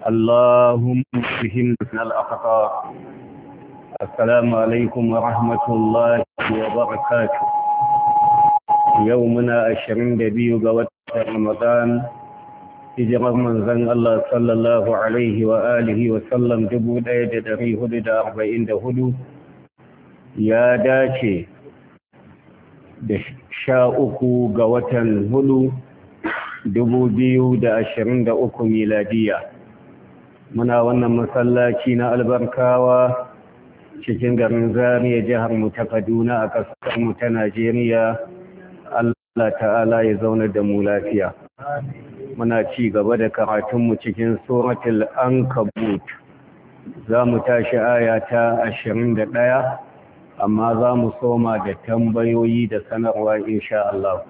اللهم فهمنا الأخطاء السلام عليكم ورحمة الله وبركاته يومنا أشرين دبيو قوات رمضان hijirar manzan Allah sallallahu Alaihi wa alihi wa sallam hudu ya dace da sha uku ga watan hudu dubu biyu da ashirin da uku miladiya. muna wannan masallaci na albarkawa cikin garin zariya jihar mu ta kaduna a ƙasar mu ta najeriya allah ta'ala ya zauna da mu lafiya muna ci gaba da karatunmu cikin suratul kabut za mu tashi aya ta ɗaya, amma za mu soma da tambayoyi da sanarwa insha Allah.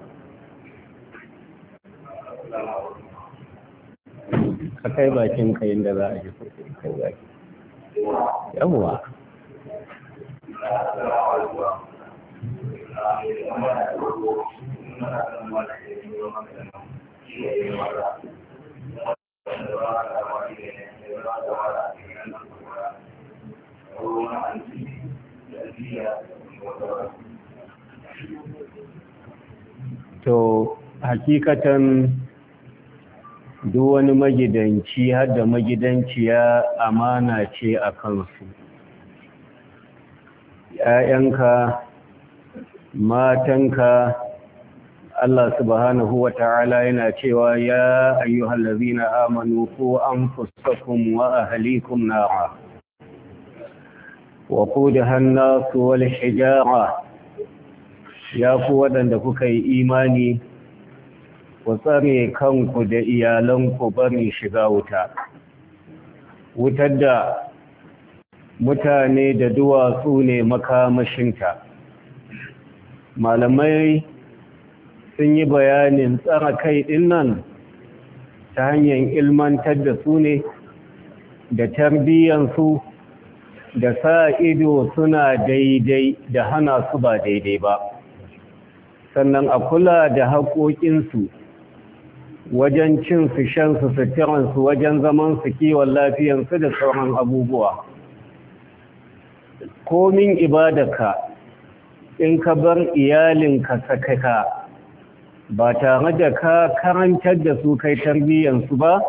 ka kai bakin ka da za a ji kai baki yawwa to hakikatan duk wani magidanci har da magidanciya amana ce a kansu ‘ya'yanka matanka Allah subhanahu wa ta'ala yana cewa ya ayyuhal na amanu ko an fuskakun wa ahalikum na'a wa ku da hannasu su wal shijara ya ku waɗanda kuka yi imani ku tsare kanku da iyalanku bari shiga wuta wutar da mutane da duwatsu ne makamashinta malamai sun yi bayanin tsara kai din nan ta hanyar ilmantar da su ne da tarbiyyansu da sa ido suna daidai da hana su ba daidai ba sannan a kula da haƙoƙinsu wajen cin su shan su suturan su wajen zaman su kiwon lafiyan su da sauran abubuwa komin ibadaka in ka bar iyalinka sakaka ba tare da ka karantar da su kai su ba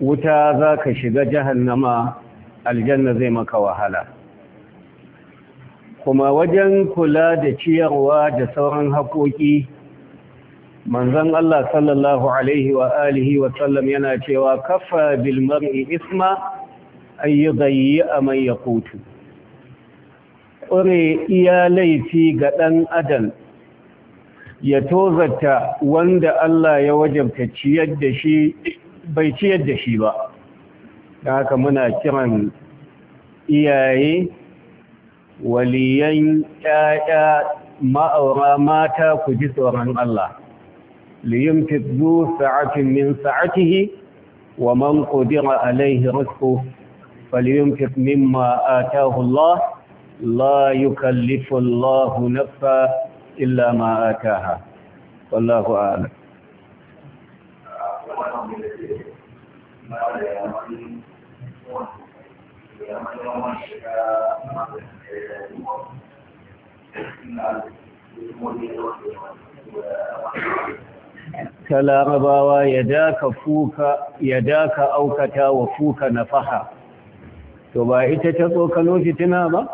wuta za ka shiga jahannama aljanna zai maka wahala kuma wajen kula da ciyarwa da sauran haƙoƙi manzon Allah sallallahu alaihi wa alihi wa sallam yana cewa kafa bil mar'i isma a yudayya man yaqutu ƙure iya laifi ga ɗan adam ya tozata wanda Allah ya wajabta ciyar da shi bai ciyar da shi ba da haka muna kiran iyaye waliyan ƴaƴa ma'aura mata ku ji tsoron Allah ليمتد ذو سعة من سعته ومن قدر عليه رزقه فليمتد مما آتاه الله لا يكلف الله نفسا إلا ما آتاها والله أعلم Thank you. ta larabawa ya daka fuka ya daka aukata wa fuka na faha to ba ita ta tsokano fitina ba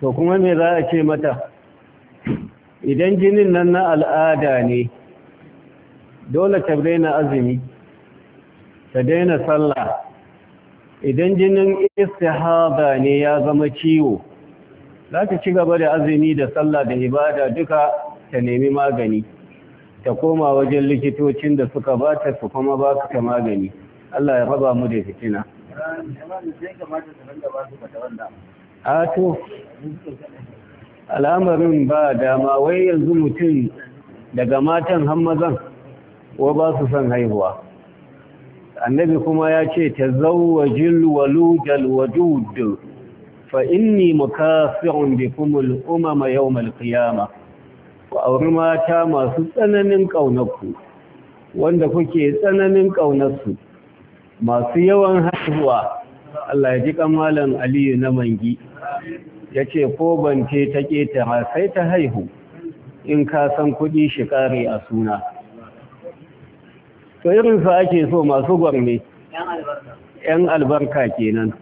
to kuma me za a ce mata idan jinin nan na al'ada ne dole ta daina azumi ta daina sallah idan jinin istihada ne ya zama ciwo za ta ci gaba da azumi da sallah da ibada duka ta nemi magani ta koma wajen likitocin da suka ba ta su kuma ba ta magani Allah ya raba mu da fitina a to al'amarin ba dama wai yanzu mutum daga matan hammazan wa ba su son haihuwa annabi kuma ya ce ta zawajin walujal wadud fa inni mukafirun bikumul umama yawmal qiyamah ku auri mata masu tsananin ƙaunarku wanda kuke tsananin ƙaunarsu masu yawan haihuwa Allah ya ji kamalan aliyu na mangi ya ce ko bance ta ƙetara sai ta haihu in ka san kuɗi shi ƙare a suna to irinsu ake so masu gwarne 'yan albarka kenan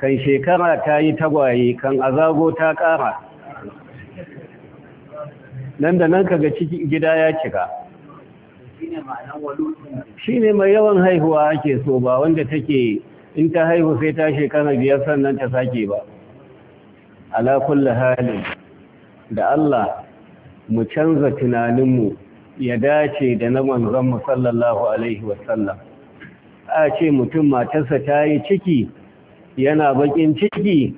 kan shekara ta yi tagwaye kan azago ta ƙara nan da nan kaga ciki gida ya cika shi ne mai yawan haihuwa ake so ba wanda take in ta haihu sai ta shekara biyar sannan ta sake ba ala kulli halin da Allah mu canza tunanin mu ya dace da na manzon sallallahu alaihi wasallam a ce mutum matarsa ta yi ciki yana bakin ciki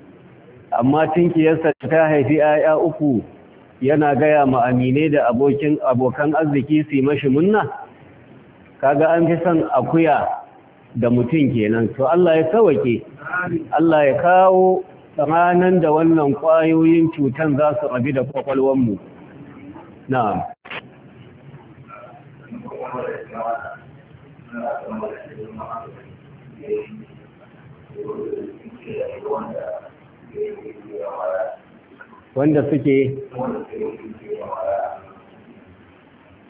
amma yasa ta haifi 'ya'ya uku yana gaya ma aminai da abokin abokan arziki su mashi munna kaga an fi son akuya da mutum kenan to Allah ya sauke Allah ya kawo ranan da wannan kwayoyin cutan za su rabi da kwakwalwanmu na'am Thank you. wanda suke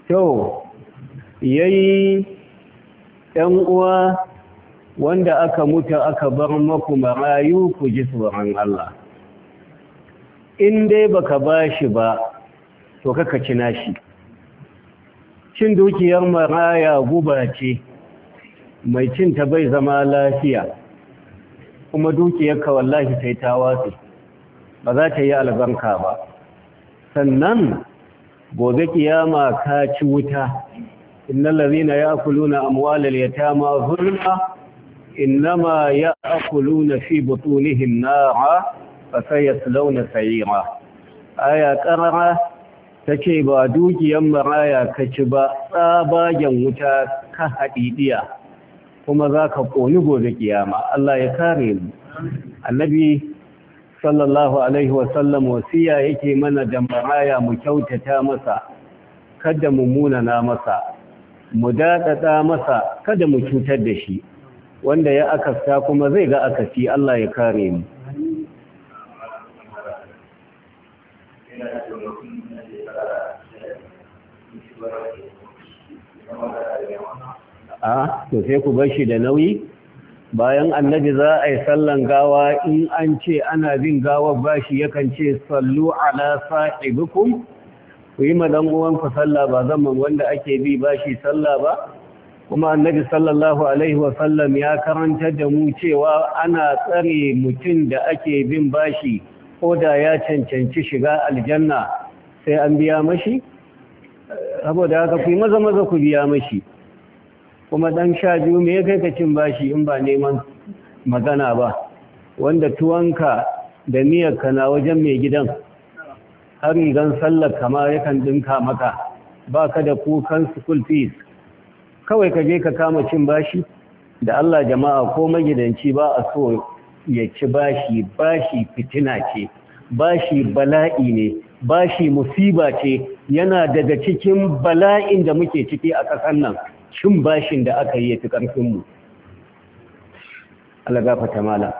to yayi ɗan uwa wanda aka mutu aka bar maku marayu ku ji tsoron Allah in dai baka bashi ba to kaka ci nashi cin dukiyar maraya guba ce mai cin ta bai zama lafiya kuma dukiyarka wallahi sai ta wasu. ba za ta yi albarka ba sannan gobe kiyama ka ci wuta innal ladhina ya'kuluna amwalal yatama zulma innama ya'kuluna fi butunihim nara fa sayaslawna sa'ira aya qarara tace ba dukiyan maraya ka ci ba tsabagen wuta ka hadidiya kuma zaka koni gobe kiyama Allah ya kare mu annabi sallallahu alaihi wasallam wasiya yake mana da maraya mu kyautata masa kada mu munana masa mu dadada masa kada mu cutar da shi wanda ya akasta kuma zai ga akasi Allah ya kare mu a to sai ku bar shi da nauyi bayan annabi za a yi sallan gawa in an ce ana bin gawar bashi yakan ce sallu ala sa'ibikum ku yi madan uwanku sallah ba zaman wanda ake bi bashi sallah ba kuma annabi sallallahu alaihi wasallam ya karanta da mu cewa ana tsare mutum da ake bin bashi ko da ya cancanci shiga aljanna sai an biya mashi saboda haka ku yi maza maza ku biya mashi kuma ɗan sha biyu me ya kai ka cin bashi in ba neman magana ba wanda tuwanka da miyar ka na wajen mai gidan har rigan sallar kama yakan dinka maka ba ka da kukan school fees kawai ka je ka kama cin bashi da Allah jama'a ko magidanci ba a so ya ci bashi bashi fitina ce bashi bala'i ne bashi musiba ce yana daga cikin bala'in da muke ciki a ƙasar nan cin bashin da aka yi ya fi ƙarfinmu alagafata mala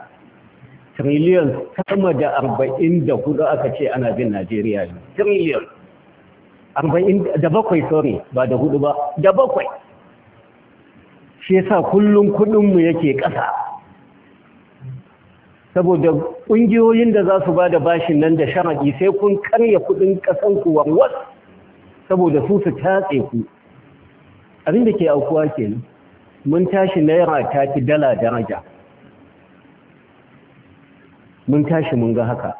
triliyon sama da arba'in da hudu aka ce ana bin najeriya ne triliyon arba'in da bakwai sorry ba da hudu ba da bakwai shi yasa kullum kudinmu yake ƙasa saboda ƙungiyoyin da za su ba da bashin nan da sharaɗi sai kun karya kudin ƙasanku warwas saboda su su tatse ku abin da ke aukuwa ke mun tashi naira ta fi dala daraja mun tashi mun ga haka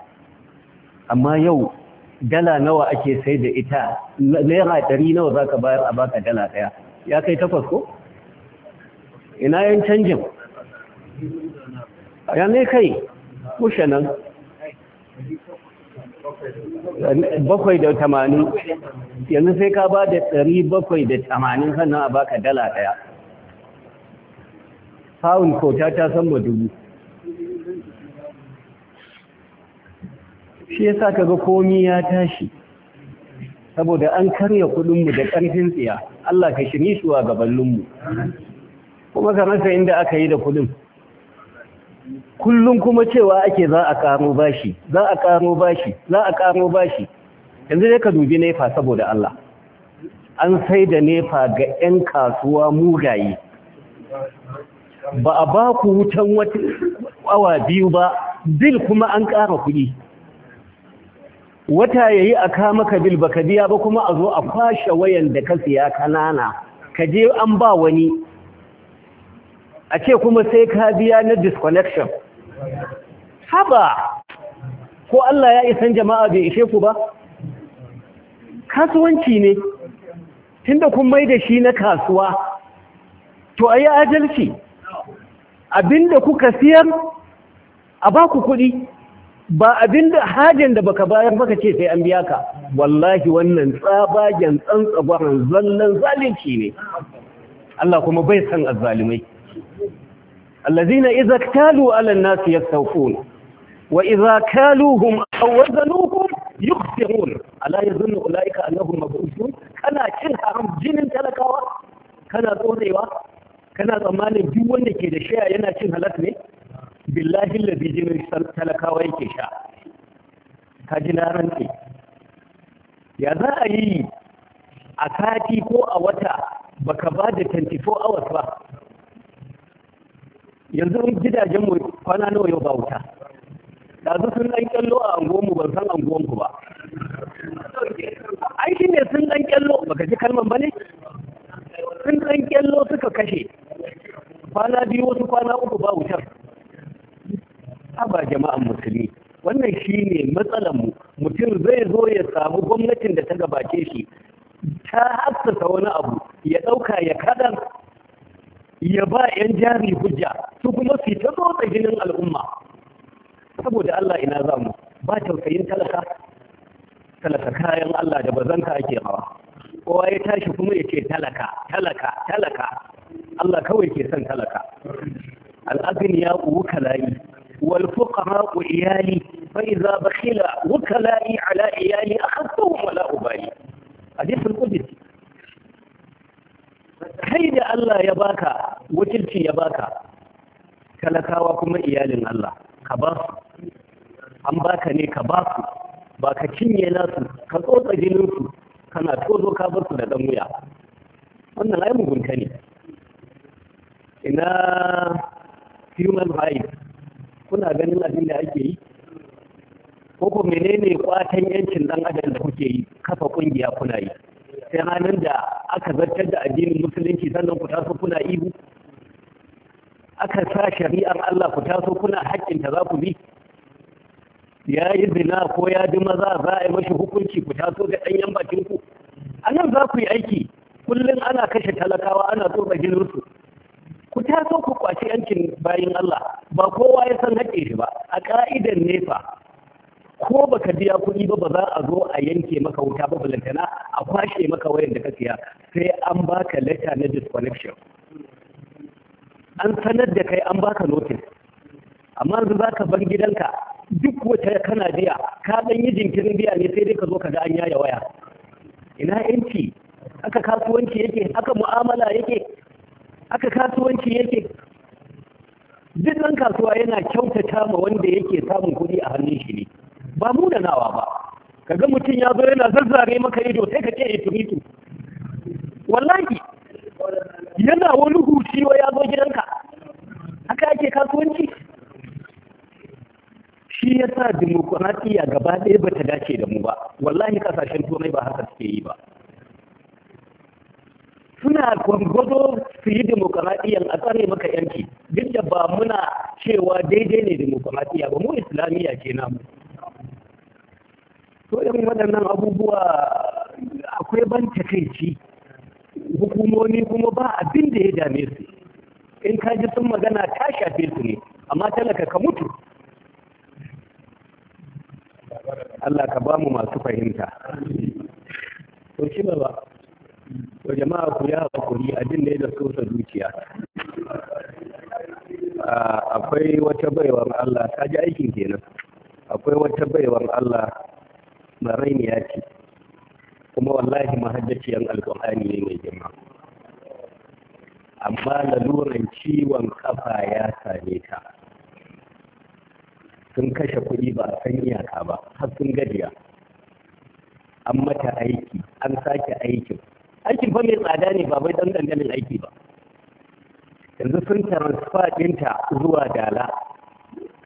amma yau dala nawa ake sai da ita naira ɗari nawa za ka bayar a baka dala ɗaya ya kai takwas ko? ina yan canjin ya ne kai kushe nan bakwai da tamanin yanzu sai ka ba da ɗari bakwai da tamanin sannan a baka dala ɗaya pound kota ta san ma dubu shi ya sa ka ga komi ya tashi saboda an karya kudinmu da ƙarfin tsiya Allah ka shiri shuwa gabaninmu kuma kamar sai inda aka yi da kudin kullum kuma cewa ake za a ƙaro bashi za a ƙaro bashi za a ƙaro bashi yanzu dai ka dubi nefa saboda Allah an sai da nefa ga 'yan kasuwa mugaye ba a ba ku wutan wata awa biyu ba bil kuma an ƙara kuɗi wata ya yi a maka bil ba ka biya ba kuma a zo a kwashe wayan da ka siya kanana ka je an ba wani a ce kuma sai ka biya na disconnection haba ko Allah ya isan jama'a bai ishe ku ba kasuwanci ne tunda kun mai da shi na kasuwa to ayi ajalci? abinda kuka siyar a ba ku kuɗi ba abinda hajin da baka bayar baka ce sai an biya ka wallahi wannan tsabagen tsantsabaran zallan zalunci ne Allah kuma bai san azzalimai الذين إذا اكتالوا على الناس يستوفون وإذا كالوهم أو وزنوهم يخسرون ألا يظن أولئك أنهم مبعوثون كان كل حرام جن تلكوا كان قوريوا كان زمان duk wanda ke da shaya yana cin halak ne billahi alladhi jinin talakawa yake sha ka ji laran ce ya za a yi a sati ko a wata baka ba da 24 hours ba yanzu gidajen mu kwana nawa yau ba wuta su sun dan kallo a angon mu ban san angon ku ba ai shine sun dan kallo baka ji kalman bane a kwashe maka wayan da ka siya sai an baka letter na disconnection an sanar da kai an baka notice amma yanzu za ka bar gidanka duk wata kana biya ka dan yi jinkirin biya ne sai dai ka zo ka ga an yaya waya ina yanci aka kasuwanci yake aka mu'amala yake aka kasuwanci yake duk ɗan kasuwa yana kyautata ma wanda yake samun kuɗi a hannun shi ne ba mu da nawa ba Ka ga mutum ya zo yana zazzare maka ido sai ka ce eh, ifiritu wallahi yana wani huci wa ya zo gidanka haka ake kasuwanci shi ya sa dimokuraɗiyya gaba ɗaya ba ta dace da mu ba wallahi kasashen turai ba haka suke yi ba suna gwangwado su yi dimokuraɗiyyar a tsare maka yanki duk da ba muna cewa daidai ne dimokuraɗiyya ba mu islamiyya ce namu to irin waɗannan abubuwa akwai ban takaici hukumomi kuma ba abin da ya dame su in ka ji sun magana ta shafe su ne amma talaka ka mutu Allah ka ba mu masu fahimta to shi ba to jama'a ku ya hakuri abin da ya da sosa zuciya akwai wata baiwar Allah ta ji aikin kenan akwai wata baiwar Allah ya ce kuma wallahi yan alkur'ani ne mai girma amma laluran ciwon kafa ya same ta sun kashe kuɗi ba a san iyaka ba har sun gajiya an mata aiki an sake aikin aikin fa mai tsada ne ba bai dan aiki ba yanzu sun transfer ɗinta zuwa dala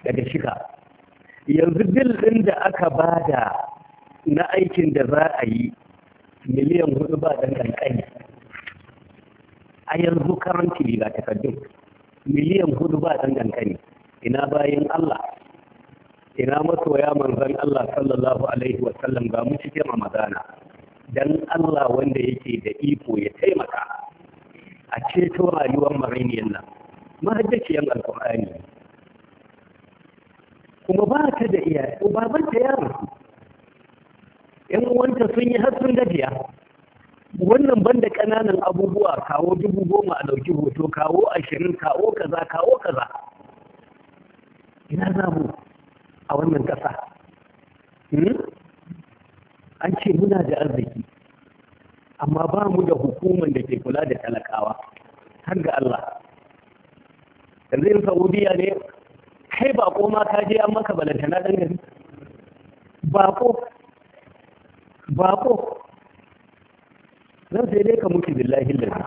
daga shika yanzu bil ɗin da aka bada na aikin da za a yi miliyan hudu ba dan kankani a yanzu karanti riga takardun miliyan hudu ba dan kankani ina bayan Allah ina masoya manzon Allah sallallahu alaihi wa sallam ga mu cikin Ramadana dan Allah wanda yake da iko ya taimaka a ceto rayuwar mariniyar nan mahajjaciyar alkur'ani kuma ba ta da iya ba ta yaro yan uwanta sun yi har sun gajiya wannan banda ƙananan abubuwa kawo dubu goma a ɗauki hoto kawo ashirin kawo kaza kawo kaza ina za a wannan ƙasa hmm? an ce muna da arziki amma ba mu da hukumar da ke kula da talakawa har ga Allah yanzu yin saudiya ne kai bako ma ka je an maka balantana ɗan gari ko bako zan sai dai ka mutu billahi lalata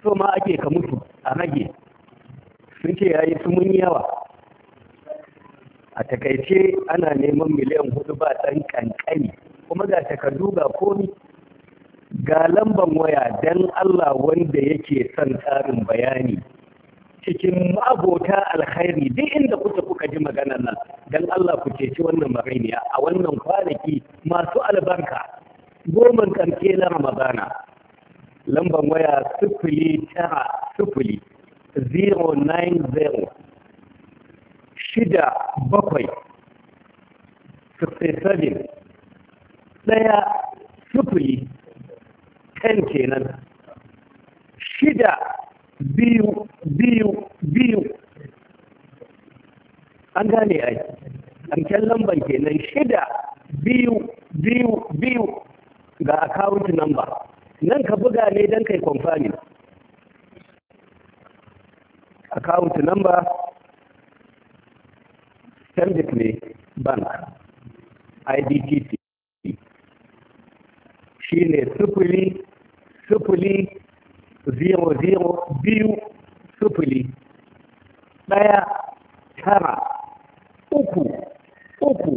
so ma ake ka mutu a rage sun ce yayi su mun yawa a takaice ana neman miliyan hudu ba ɗan kankani kuma ga takardu ga komi ga lamban waya don Allah wanda yake son tsarin bayani cikin abota alkhairi duk inda kuka kuka ji maganar nan dan Allah ku ceci wannan magainiya a wannan kwanaki masu albarka goman karke na Ramadana lamban waya 0900 tara sifili zero nine zero shida bakwai sifty ɗaya sifili ten kenan shida biyu biyu biyu an gane ai ƙarshen lambar kenan shida biyu biyu biyu ga account number nan ka buga ne don kai kwamfani account number stanbic ne bank idtc shi ne sufuri sufuri zero zero biyu sufuli ɗaya tara uku uku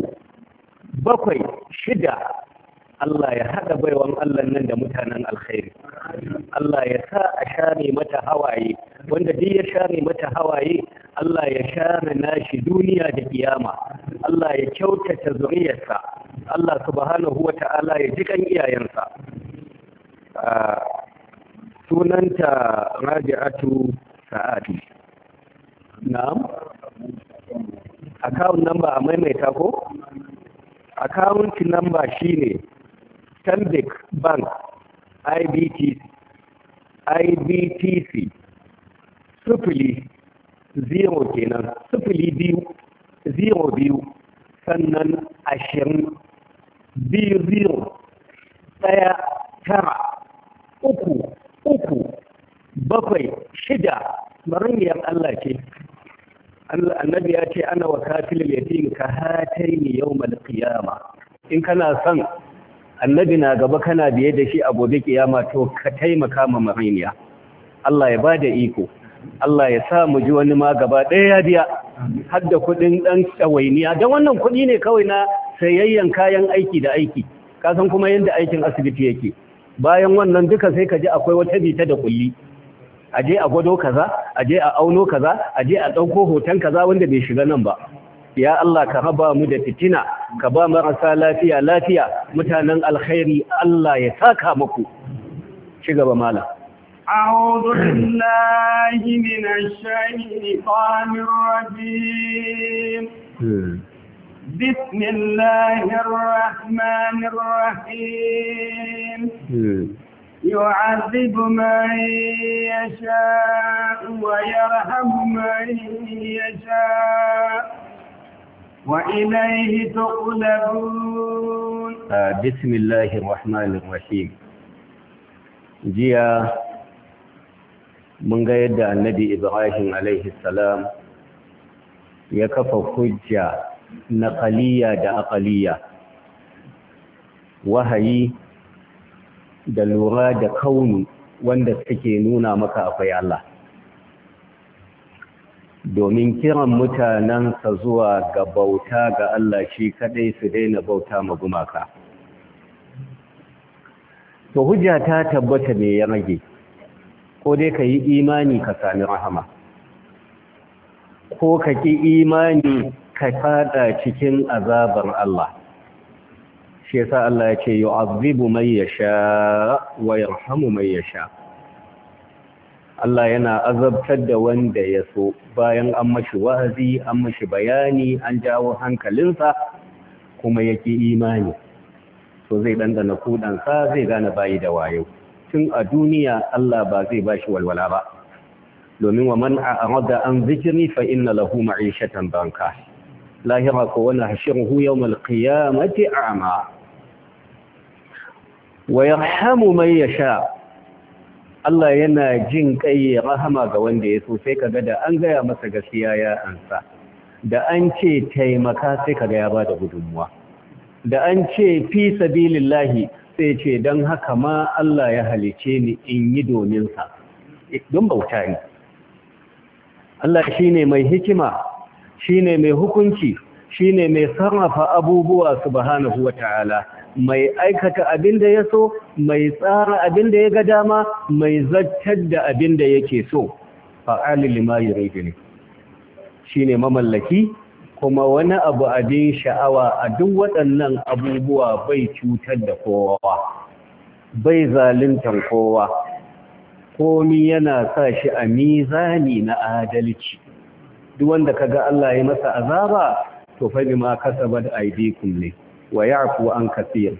bakwai shida Allah ya haɗa baiwan Allah nan da mutanen alkhairi Allah ya sa a share mata hawaye wanda duk ya share mata hawaye Allah ya share nashi duniya da kiyama Allah ya kyautata zuriyarsa Allah subhanahu wa ta'ala ya ji kan iyayensa ah, sunanta rabi'atu sa'adi na'am account number a maimaita ko account number shine Stanbic Bank IBTC IBTC sufuli zero kenan sufuli biyu zero biyu sannan ashirin biyu zero ɗaya tara uku uku bakwai shida mariniyar Allah ce annabi ya ce ana wa yatim ka hataini yawmal qiyama in kana son annabi na gaba kana biye da shi a gobe kiyama to ka taimaka ma mariniya Allah ya bada iko Allah ya sa mu ji wani ma gaba ɗaya ya biya har da kuɗin ɗan tsawainiya don wannan kuɗi ne kawai na sayayyan kayan aiki da aiki ka san kuma yadda aikin asibiti yake bayan wannan duka sai ka ji akwai wata bita da kulli a je a gwado kaza a je a auno kaza a je a ɗauko hoton kaza wanda bai shiga nan ba ya Allah ka raba mu da fitina ka ba marasa lafiya lafiya mutanen alkhairi Allah ya saka muku ci gaba malam أعوذ بالله من الشيطان الرجيم بسم الله الرحمن الرحيم يعذب من يشاء ويرحم من يشاء وإليه تقلبون آه بسم الله الرحمن الرحيم جيا من قيد النبي إبراهيم عليه السلام يكفى حجة نقلية دا أقلية وهي da lura da kauni wanda suke nuna maka akwai Allah domin kiran mutanen mutanensa zuwa ga bauta ga Allah shi kadai su daina bauta ma gumaka to hujja ta tabbata ne ya rage ko dai ka yi imani ka sami rahama ko ka ki imani ka fada cikin azabar Allah shi yasa Allah ya ce yu'azzibu man yasha wa yarhamu man yasha Allah yana azabtar da wanda ya so bayan an mashi wa'azi an mashi bayani an jawo hankalinsa kuma yake imani to zai dandana kudansa zai gane bayi da wayo tun a duniya Allah ba zai bashi walwala ba domin wa man a'rada an zikri fa inna lahu ma'ishatan banka lahira ko wala hashiruhu yawm al-qiyamati a'ma wa yarhamu ya sha Allah yana jin kai ya rahama ga wanda ya so sai kaga da an gaya masa gaskiya ya ansa da an ce taimaka sai kaga ya bada gudunmuwa da an ce fi sabilillahi sai ce don haka ma Allah ya halice ni in yi dominsa e, don bauta ne Allah shi ne mai hikima shi ne mai hukunci shi ne mai sarrafa abubuwa subhanahu wa ta'ala mai aikata abin da ya so mai tsara abin da ya ga dama mai zartar da abin da yake so fa'ali lima yuridu ne shine mamallaki kuma wani abu abin sha'awa a duk waɗannan abubuwa bai cutar da kowa bai zaluntar kowa komi yana sa shi a mizani na adalci duk wanda ka ga Allah ya masa azaba to fa ba da aydikum ne wa ya'fu an kaseer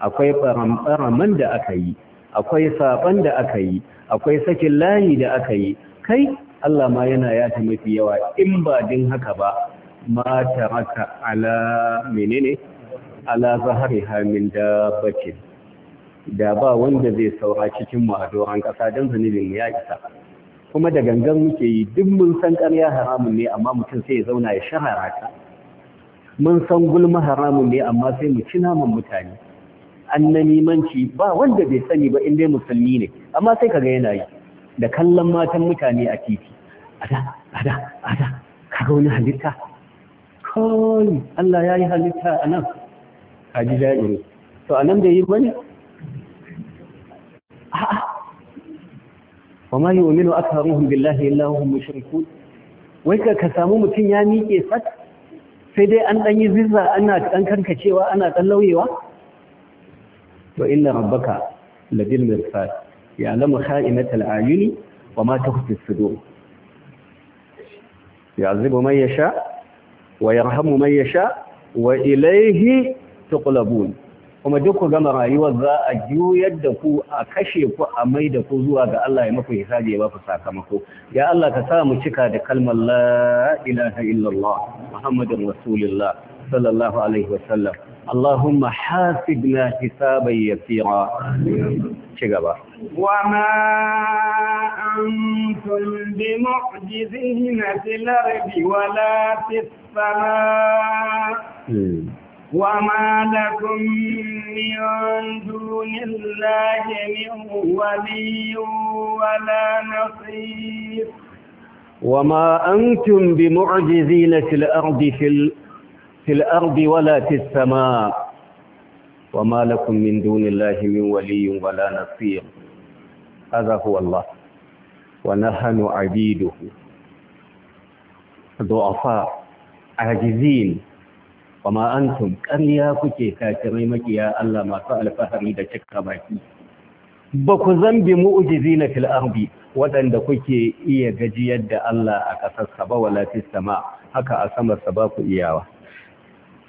akwai baramman da aka yi akwai saban da aka yi akwai sakin layi da aka yi kai Allah ma yana yata mafi yawa in ba din haka ba ma raka ala menene ala zahar'i, zahariha min bace da ba wanda zai saura cikin mu a doron ƙasa don zunubin ya isa kuma da gangan muke yi duk mun san ƙarya haramun ne amma mutum sai ya zauna ya shahara ta mun san gulma haramun ne amma sai mu ci naman mutane Annani, manci ba wanda bai sani ba inda musulmi ne amma sai kaga yana yi da kallon matan mutane a titi ada ada ada kaga wani halitta kai Allah ya yi halitta a nan kaji ne. to a nan da yi bane a'a wama yu'minu aktharuhum billahi illa hum mushrikun wai ka samu mutun ya miƙe sat sai dai an ɗan yi zizza ana ɗan karkacewa ana ɗan lauyewa to inna rabbaka labil mirsad ya lamu kha'inatal ayuni wa ma tukhfi sudur ya'zibu man sha, wa yarhamu man yasha wa ilayhi tuqlabun kuma duk ku gama rayuwar za a juyar da ku a kashe ku a mai da ku zuwa ga Allah ya maku hisabi ya baku sakamako ya Allah ka sa mu cika da kalmar la ilaha illallah muhammadin rasulullah sallallahu alaihi wa sallam allahumma wasallam اللهم حاسبنا حسابا يسيرا شكرا وما أنتم بمعجزين في الأرض ولا في السماء وما لكم من دون الله من ولي ولا نصير وما أنتم بمعجزين في الأرض في, في الأرض ولا في السماء وما لكم من دون الله من ولي ولا نصير هذا هو الله ونحن عبيده ضعفاء عاجزين kuma antum ƙarya kuke kafirai makiya Allah masu alfahari da cika baki ba ku zambi mu'ujizi fil ardi waɗanda kuke iya gajiyar da Allah a ƙasarsa saba wala fi sama haka a sama saba ku iyawa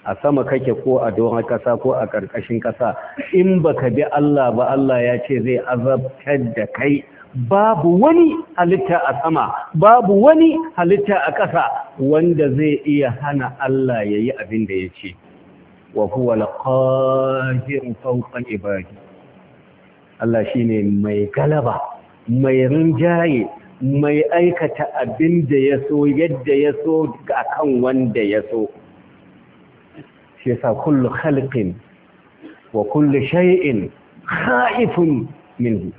a sama kake ko a doron ƙasa ko a ƙarƙashin ƙasa in baka bi Allah ba Allah ya ce zai azabtar da kai babu wani halitta a sama babu wani halitta a ƙasa wanda zai iya hana Allah ya yi abin da ya ce wa kuwa laqahirun fauƙan ibadi Allah shi ne mai galaba mai rinjaye mai aikata abin da ya so yadda ya so kan wanda ya so shi sa kullu halittin wa kullu shay'in ha'ifin minhu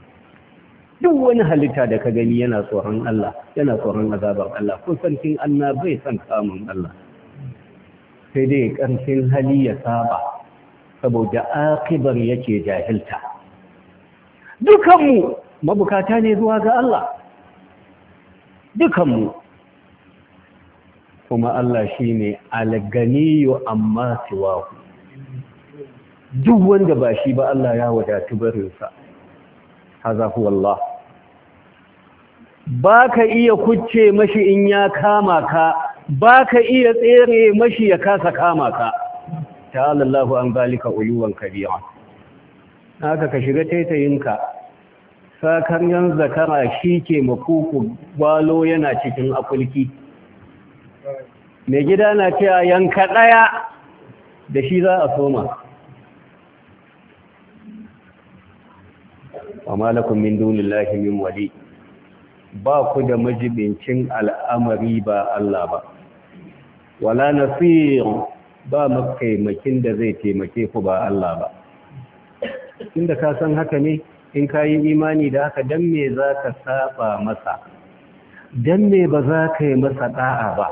duk wani halitta da ka gani yana tsoron Allah yana tsoron azabar Allah ko sarkin Allah bai san samun Allah sai dai karfin hali ya saba saboda akibar yake jahilta dukanmu mabukata ne zuwa ga Allah dukanmu kuma Allah shi ne alganiyo amma siwahu duk wanda ba shi ba Allah ya wadatu barinsa haza huwa Allah ba ka iya kucce mashi in ya kama ka ba ka iya tsere mashi ya kasa kama ka Ta'alallahu an zalika uluwan kabira haka ka shiga taitayinka sakaryan zakara shi ke makuku gwalo yana cikin akulki mai gida na cewa yanka ɗaya da shi za a soma wa malakun min dunin min wali ba ku da majibincin al'amari ba Allah ba wala nasir ba makaimakin da zai taimake ku ba Allah ba inda ka san haka ne in ka yi imani da haka dan me za ka saba masa dan me ba za ka yi masa da'a ba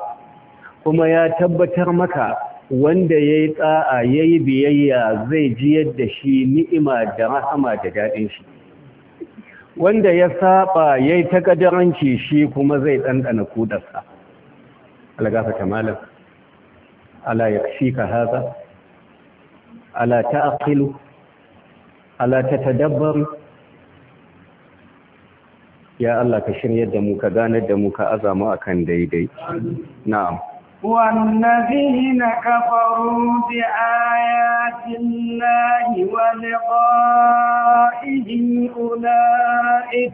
kuma ya tabbatar maka wanda ya yi da'a ya yi biyayya zai ji yadda shi ni'ima da rahama da daɗin shi wanda ya saba yayi ƙadaranci shi kuma zai dandana kudarsa algafa kamalin ala ka haza ala Akilu, ala tatadabbaru ya Allah ka shiryar da mu ka ganar da mu ka azama akan daidai na'am والذين كفروا بآيات الله ولقائه أولئك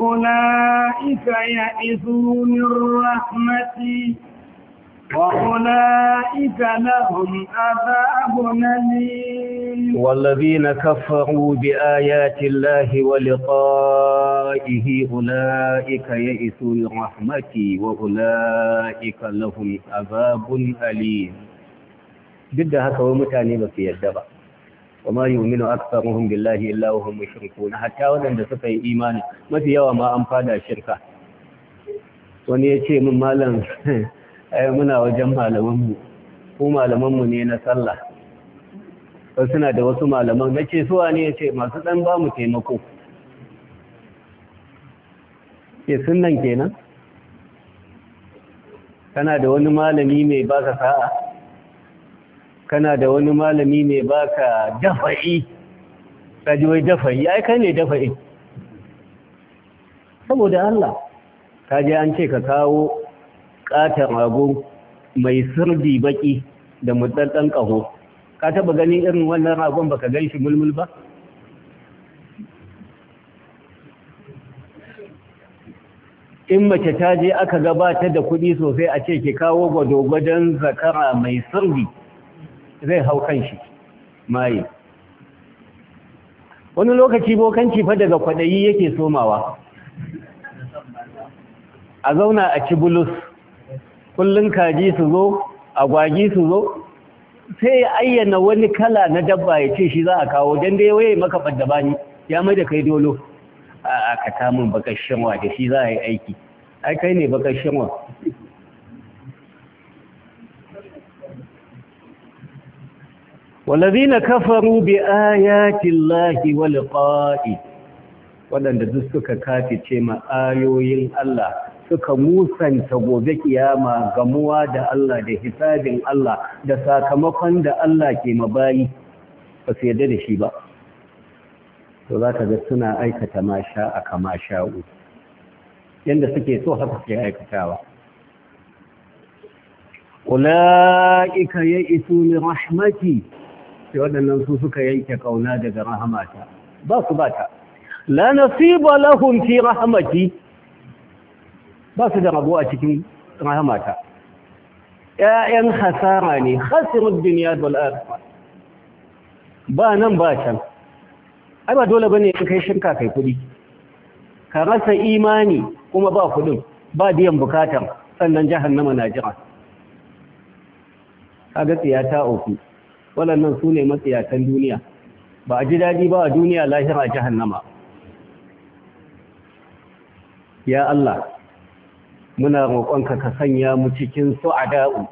أولئك يئسوا من رحمتي وأولئك لهم عذاب أليم والذين كفروا بآيات الله ولقائه أولئك يئسوا من رحمتي وأولئك لهم عذاب أليم جد هكا ومتاني بفي الدبع وما يؤمن أكثرهم بالله إلا وهم مشركون حتى ولن دسفة إيمان ما في يوم ما أنفاد الشركة وني يتشي مالا ai muna wajen malamanmu ko malamanmu ne na sallah wasu suna da wasu malaman na ce suwa ne ya ce masu ɗan ba mu taimako ke sunan kenan kana da wani malami mai baka sa'a kana da wani malami mai baka dafa'i wai dafa'i ai kai ne dafa'i saboda Allah ka je an ce ka kawo ƙatar rago mai sirdi baki da mutsatsen ƙaho ka taba ganin irin wannan ragon baka gan shi mulmul ba in mace ta je aka gabatar da kuɗi sosai a ce ki kawo gwadogwadon zakara mai sirdi, zai hau kanshi maye wani lokaci bokanci fa daga kwaɗayi yake somawa a zauna a ci kullun kaji su zo agwagi su zo sai ya ayyana wani kala na dabba ya ce shi za a kawo don dai waye maka bani ya mai da kai dolo a ka tamun bakar shanwa da shi za a yi aiki ai kai ne bakar shanwa walazina kafaru bi ayatin lahi wal qa'i waɗanda duk suka kafice ma ayoyin Allah suka musanta gobe kiyama gamuwa da Allah da hisabin Allah da sakamakon da Allah ke mabayi ba su yarda da shi ba to za ka ga suna aikata masha a kama sha'u yadda suke so haka suke aikatawa ula'ika ya isu min rahmati sai waɗannan su suka yanke ƙauna daga rahamata ba su ba ta la nasiba lahum fi rahmati ba su da rabo a cikin rahamata ‘ya'yan hasara ne hasirar duniya da ba nan ba can ai ba dole ba ne kai shinka kai kudi ka rasa imani kuma ba kuɗin, ba biyan bukatar sannan nama na jira ga tsiyata uku waɗannan su ne matsiyatan duniya ba a ji daɗi ba a duniya lahira jihar nama. ya Allah muna roƙonka ka sanya mu cikin su da'u,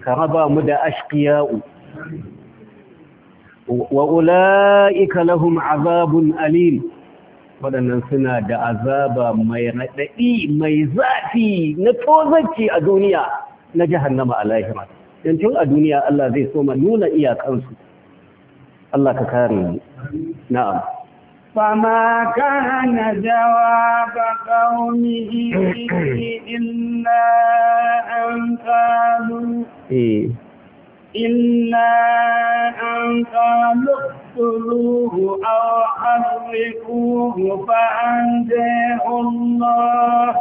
ka raba mu da ashkiya'u. wa ula'ika lahum azabun alim waɗannan suna da azaba mai raɗaɗi mai zafi na tozarci a duniya na jahannama a lahira a duniya Allah zai soma nuna iyakansu Allah ka kare mu na'am فما كان جواب قومه إلا أن قالوا إلا أن قالوا اقتلوه أو حرقوه فأنجاه الله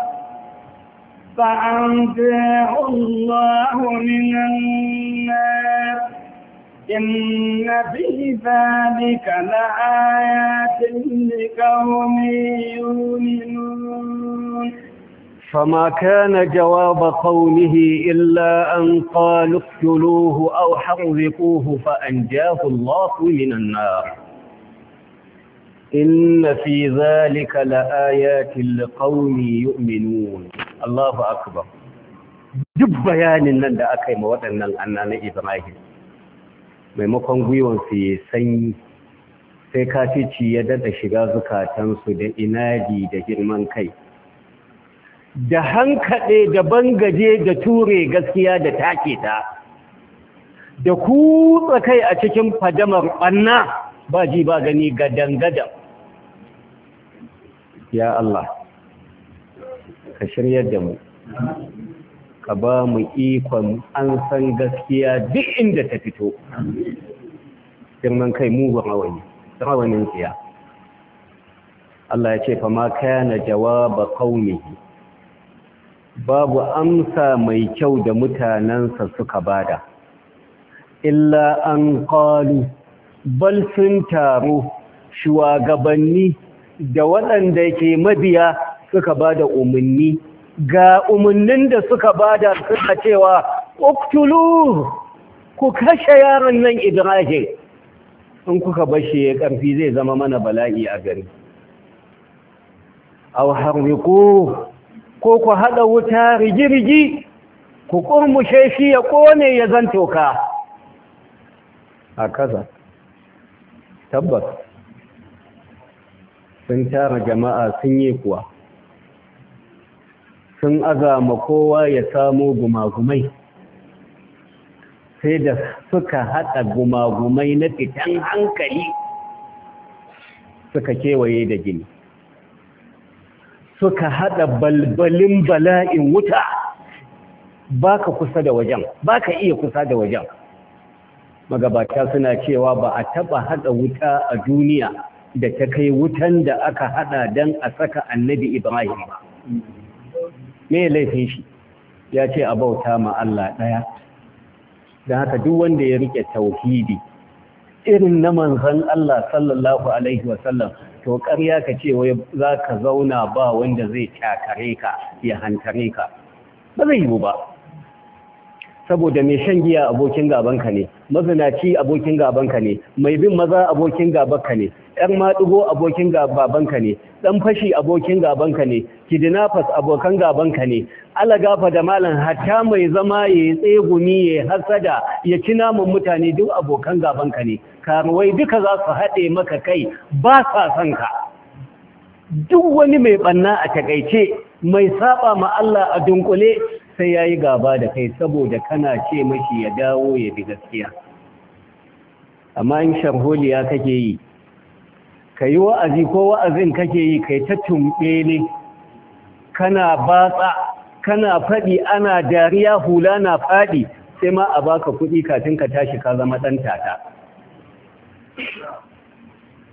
فأنجاه الله من النار إن في ذلك لآيات لقوم يؤمنون فما كان جواب قومه إلا أن قالوا اقتلوه أو حرقوه فأنجاه الله من النار إن في ذلك لآيات لقوم يؤمنون الله أكبر جب بيان nan da وطن yi ma maimakon gwiwansu ya sanyi sai kafici ya daɗa shiga zukatansu da inadi da girman kai da hankaɗe da bangaje da ture gaskiya da take ta da kutsa kai a cikin fadamar ɓanna ba ji ba gani gadan-gadan ya Allah ka shirya da mu ka ba mu ikon an san gaskiya duk inda ta fito girman kai mugun rawani rawanin tsiya Allah ya ce fa ma kana jawaba qaumihi babu amsa mai kyau da mutanansa suka bada illa an qalu bal sun taru shugabanni da waɗanda ke mabiya suka bada umarni ga umarnin da suka bada suka cewa uktulu ku kashe yaron nan ibrahim in kuka bashi ya karfi zai zama mana bala'i a gari aw harriku ko ku hada wuta rigirgi ku kurmushe shi ya kone ya zanto ka a kaza tabbas sun tara jama'a sun yi kuwa sun azama kowa ya samo gumagumai sai da suka haɗa gumagumai na fitan hankali suka kewaye da gini suka haɗa balbalin bala'in wuta baka kusa da wajen baka iya kusa da wajen magabata suna cewa ba a taɓa haɗa wuta a duniya da ta kai wutan da aka haɗa don a saka annabi ibrahim ba me laifin shi ya ce a bauta ma Allah ɗaya da haka duk wanda ya rike tauhidi irin na manzan Allah sallallahu alaihi wasallam to ƙarya ka ce wai za ka zauna ba wanda zai cakare ka ya hantare ka ba zai yiwu ba saboda mai shan giya abokin gabanka ne mazinaci abokin gabanka ne mai bin maza abokin gabanka ne ɗan maɗigo abokin gabanka ne ɗan fashi abokin gabanka ne kidnappers abokan gabanka ne alagafa da malam hatta mai zama ya yi tsegumi ya hasada ya ci naman mutane duk abokan gabanka ne karuwai duka za su haɗe maka kai ba sa son ka duk wani mai ɓanna a takaice mai saba ma Allah a dunkule sai ya yi gaba da kai saboda kana ce mashi ya dawo ya bi gaskiya amma in sharholiya kake yi ka yi wa'azi ko wa'azin kake yi kai ta tumɓe ne kana batsa kana faɗi ana dariya hula na faɗi sai ma a baka kuɗi kafin ka tashi ka zama ɗan tata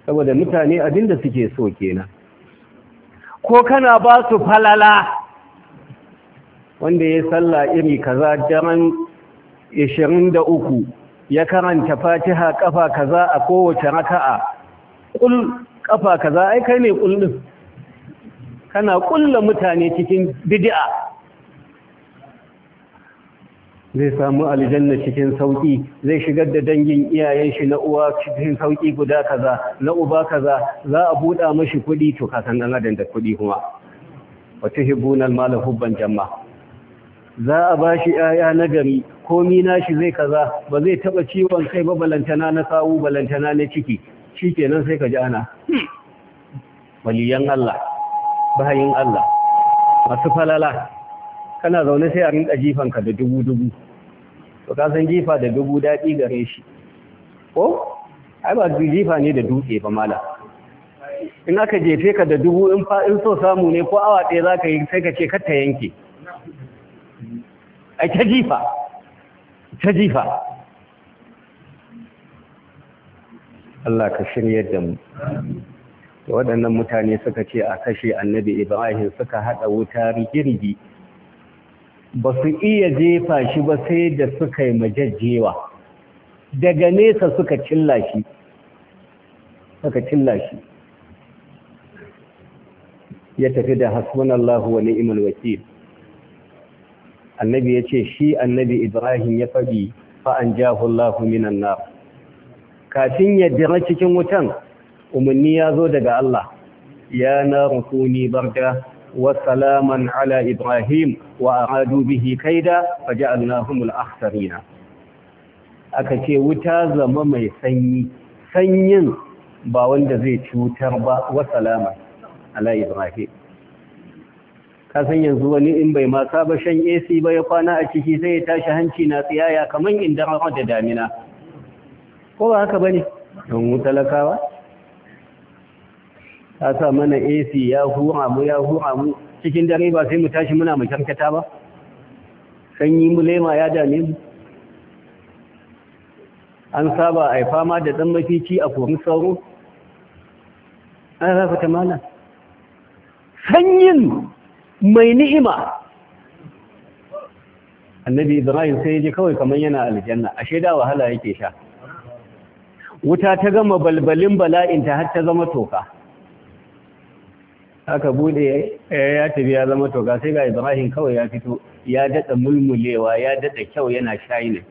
saboda mutane abinda suke so kenan ko kana ba su falala wanda ya sallah iri kaza daren 23 ya karanta fatiha kafa kaza a kowace raka'a kul kafa kaza ai kai ne kul kana kulla mutane cikin bid'a zai samu aljanna cikin sauki zai shigar da dangin iyayen shi na uwa cikin sauki guda kaza na uba kaza za a buɗa mashi kuɗi to san dan adam da kuɗi kuma wa tuhibbuna al-mala hubban jamma za a ba shi ‘ya'ya na gari komi nashi zai kaza ba zai taɓa ciwon kai ba balantana na sawu balantana na ciki shi kenan sai ka ji ana waliyan Allah bahayin Allah masu falala kana zaune sai a rinka jifanka da dubu-dubu to ka san jifa da dubu daɗi gare shi ko ai ba jifa ne da dutse ba mala in aka jefe ka da dubu in so samu ne ko awa ɗaya za ka yi sai ka ce ta yanke ai ta jifa ta jifa Allah ka shirya da mu to waɗannan mutane suka ce a kashe annabi ibrahim suka haɗa wuta rigirgi ba su iya jefa shi ba sai da suka yi majajjewa daga nesa suka cilla shi suka cilla shi ya tafi da hasbunallahu wa ni'mal wakil annabi ya ce shi annabi ibrahim ya faɗi fa'an jahullahu minan na kafin ya dira cikin wutan umarni ya zo daga Allah ya na rukuni barda wasalaman ala ibrahim wa aradu bihi kaida faja'alnahumul aksarina" aka ce wuta zama mai sanyi sanyin ba wanda zai cutar ba salaman ala ibrahim ka san yanzu wani in bai maka ba shan AC ba ya kwana a ciki sai ya tashi hanci na tsiyaya kaman inda rawa da damina ko ba haka bane don talakawa ta sa mana AC ya hura mu ya hura mu cikin dare ba sai mu tashi muna mu karkata ba sanyi mu lema ya dame mu an saba a fama da dan mafici a kurin sauro an rafa ta mana sanyin mai ni'ima annabi ibrahim sai ji kawai kamar yana aljanna ashe da wahala yake sha wuta ta gama balbalin bala'inta har ta zama toka aka bude eh, ya tafi ya zama toka sai ga ibrahim kawai ya fito ya daɗa mulmulewa ya daɗa kyau yana shayi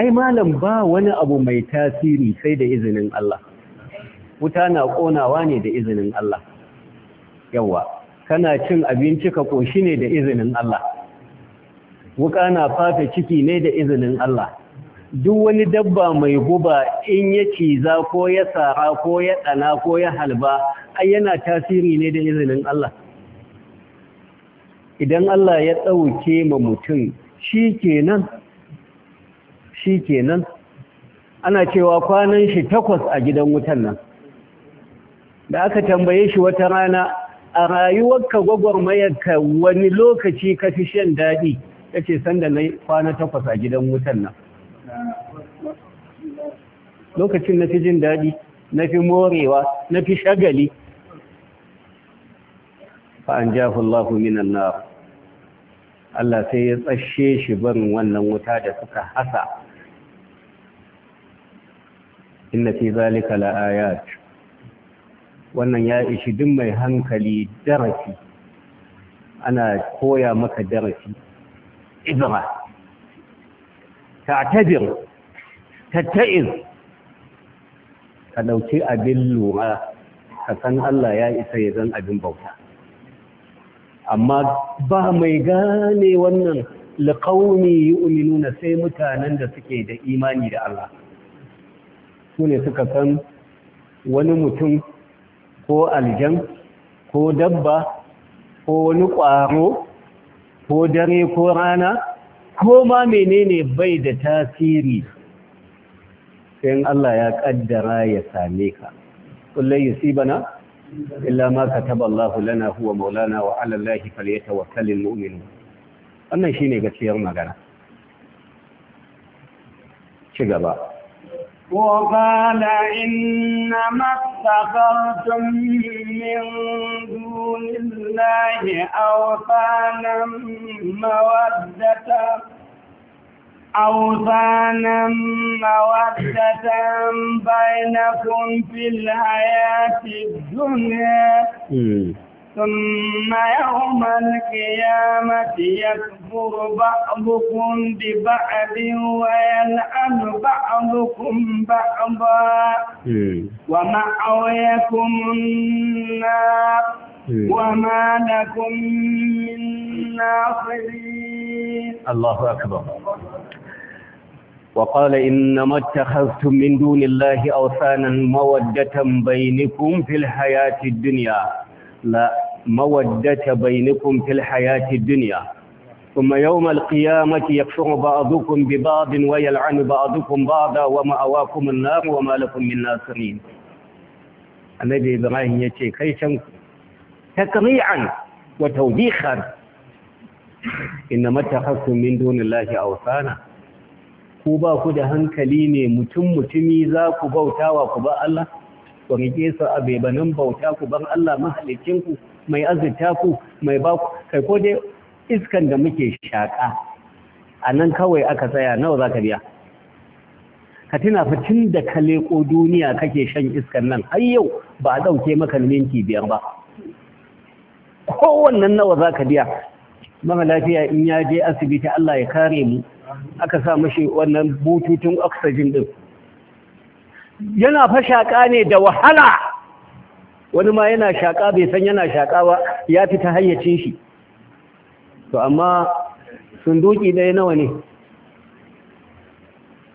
ai malam ba wani abu mai tasiri sai da izinin Allah wuta na ƙonawa ne da izinin Allah yawa kana cin abinci ka koshi ne da izinin Allah wuka na fata ciki ne da izinin Allah duk wani dabba mai guba in ya ciza ko ya sara ko ya tsana ko ya halba ai yana tasiri ne da izinin Allah idan Allah ya tsauke ma mutum shikenan shikenan ana cewa kwanan shi takwas a gidan wutan nan da aka tambaye shi wata rana a rayuwarka gwagwarmayarka wani lokaci ka fi shan daɗi ya ce sanda na kwana takwas a gidan wutan nan lokacin na fi jin daɗi na fi morewa na fi shagali fa'an jahullahu minan na Allah sai ya tsashe shi barin wannan wuta da suka hasa inna fi zalika la'ayat wannan ya ishi duk mai hankali darasi ana koya maka darasi ibra ta'tabir tatta'iz ka dauki abin lura ka san Allah ya isa ya zan abin bauta amma ba mai gane wannan liqawmi yu'minuna sai mutanen da suke da imani da Allah su ne suka san wani mutum ko aljan ko dabba ko wani ƙwaro ko dare ko rana ko ma menene bai da tasiri sai Allah ya kaddara ya same ka kullai yusibana illa ma kataba Allah lana huwa maulana wa ala Allah falyatawakkal almu'min wannan shine gaskiyar magana ci gaba وقال إنما اتخذتم من دون الله أوثانا مودة أوثانا مودة بينكم في الحياة الدنيا ثم يوم القيامة يكفر بعضكم ببعض ويلعن بعضكم بعضا ومعويكم النار وما لكم من ناصرين الله أكبر وقال إنما اتخذتم من دون الله أوثانا مودة بينكم في الحياة الدنيا لا mawaddata bainakum fil hayati dunya kuma yawmal qiyamati yakfuru ba'dukum bi ba'din wa yal'anu ba'dukum ba'da wa ma'awakum an-nar wa ma lakum min nasirin annabi ibrahim yace kai can takri'an wa tawbihan inna mattakhasum min dunillahi awsana ku ba ku da hankali ne mutum mutumi za ku bautawa ku ba Allah ku rike su abebanin bauta ku ban Allah mahalicinku ku mai azurta ku mai ba kai ko dai iskan da muke shaƙa a nan kawai aka tsaya nawa za ka biya ka tuna fitin da ka leƙo duniya kake shan iskan nan har yau ba a ɗauke maka minti biyar ba kowannan nawa za ka biya mara lafiya in ya je asibiti Allah ya kare mu aka sa mashi wannan bututun oxygen din yana fa shaka ne da wahala wani ma yana shaƙa bai san yana shaƙa ba ya ta hayyacin shi to amma sunduki ɗaya nawa ne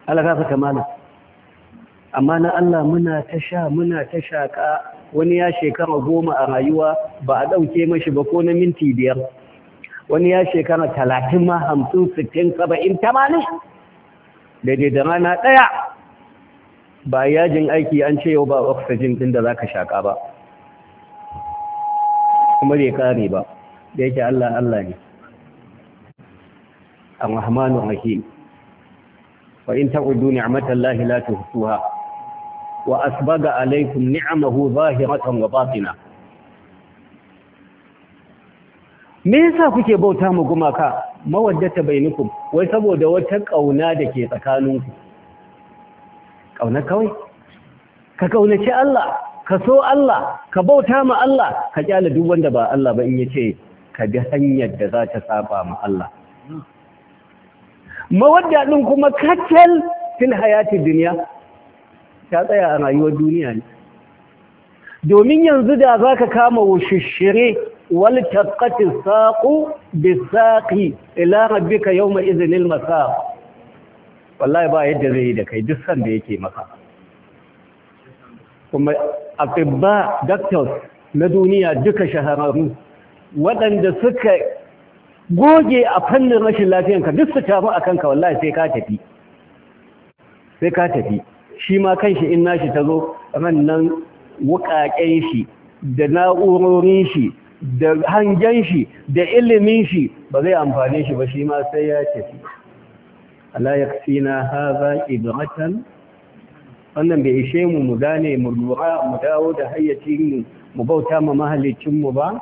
alaka fa amma na Allah muna ta sha muna ta shaƙa wani ya shekara goma a rayuwa ba a ɗauke mashi ba ko na minti biyar wani ya shekara talatin ma hamsin sittin saba'in tamanin daidai da rana ɗaya ba yajin aiki an ce yau ba oxygen ɗin da za ka shaƙa ba kuma bai kare ba da yake Allah Allah ne Ar-Rahmanu Rahim wa in ta'udu ni'matallahi la tuhsuha wa asbaga alaykum ni'amahu zahiratan wa batina me yasa kuke bauta mu gumaka mawaddata bainukum wai saboda wata kauna da ke tsakaninku kauna kawai ka kaunaci Allah ka so Allah ka bauta ma Allah ka kyale duk wanda ba Allah ba in yace ka bi hanyar da za ta saba ma Allah mawadda din kuma kacal fil hayati dunya ta tsaya a rayuwar duniya ne domin yanzu da za ka kama wushishire wal taqati saqu saqi ila rabbika yawma idhnil masaq wallahi ba yadda zai yi da kai duk san da yake maka kuma atibba doctors na duniya duka shahararru waɗanda suka goge a fannin rashin lafiyanka duk su taru a kanka wallahi sai ka tafi sai ka tafi shi ma kanshi in nashi ta zo nan wukaken shi da na'urorin shi da hangen shi da ilimin shi ba zai amfane shi ba shi ma sai ya tafi ya yakfina haza ibratan wannan bai ishe mu mu gane mu lura mu dawo da hayyacin mu bauta ma mahallicin mu ba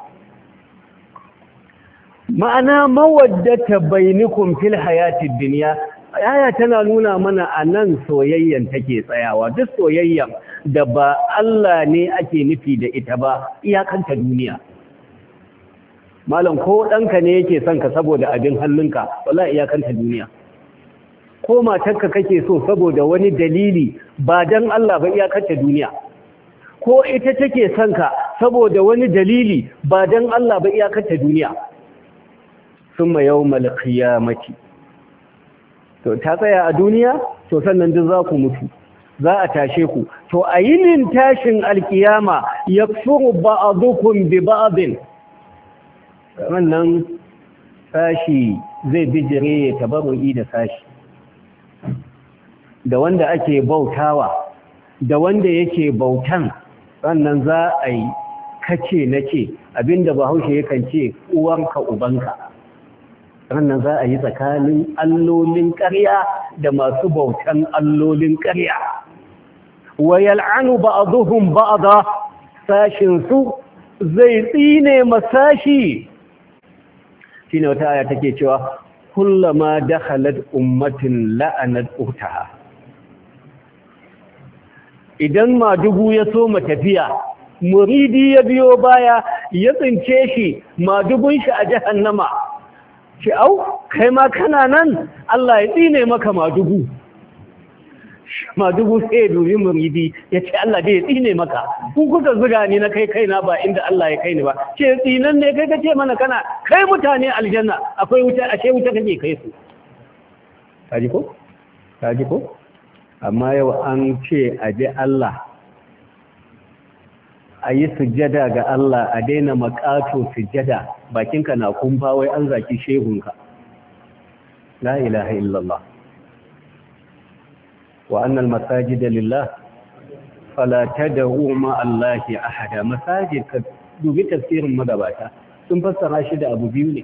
ma'ana mawaddata bainikum fil hayatid dunya aya tana nuna mana anan soyayyan take tsayawa duk soyayyan da ba Allah ne ake nufi da ita ba iyakanta duniya malam ko ɗanka ne yake son ka saboda abin hannunka wala iyakanta duniya ko matarka kake so saboda wani dalili ba dan Allah ba iyakarta duniya ko ita take son ka saboda wani dalili ba dan Allah ba iyakarta duniya summa yawmal qiyamati to ta tsaya a duniya to sannan duk za ku mutu za a tashe ku to a yinin tashin alkiyama ya furu ba'adukum bi ba'adin wannan sashi zai bijire ya tabaru'i da sashi da wanda ake bautawa da wanda yake bautan sannan za a yi kace nake abinda bahaushe yakan ce uwanka ubanka sannan za a yi tsakanin allolin ƙarya da masu bautan allolin ƙarya wa yal'anu ba'dhum ba'dha sashin su zai tsine masashi shine wata aya take cewa kullama dakhalat ummatin la'anat utaha idan madugu ya so ma tafiya muridi ya biyo baya ya tsince shi madugun shi a jahannama shi au kai ma kana nan Allah ya tsine maka madugu madugu sai dubi muridi ya ce Allah dai ya tsine maka ku kuka zuga ni na kai kaina ba inda Allah ya kaini ni ba ce tsinan ne kai kace mana kana kai mutane aljanna akwai wuta ashe wuta kake kai su kaji ko kaji ko amma yau an ce a bi Allah a yi sujjada ga Allah a daina makato sujjada bakinka na kumfa wai an zaki shehunka la ilaha illallah wa annal masajida lillah fala tad'u ma allahi ahada masajid ka dubi tafsirin magabata sun fassara shi da abu biyu ne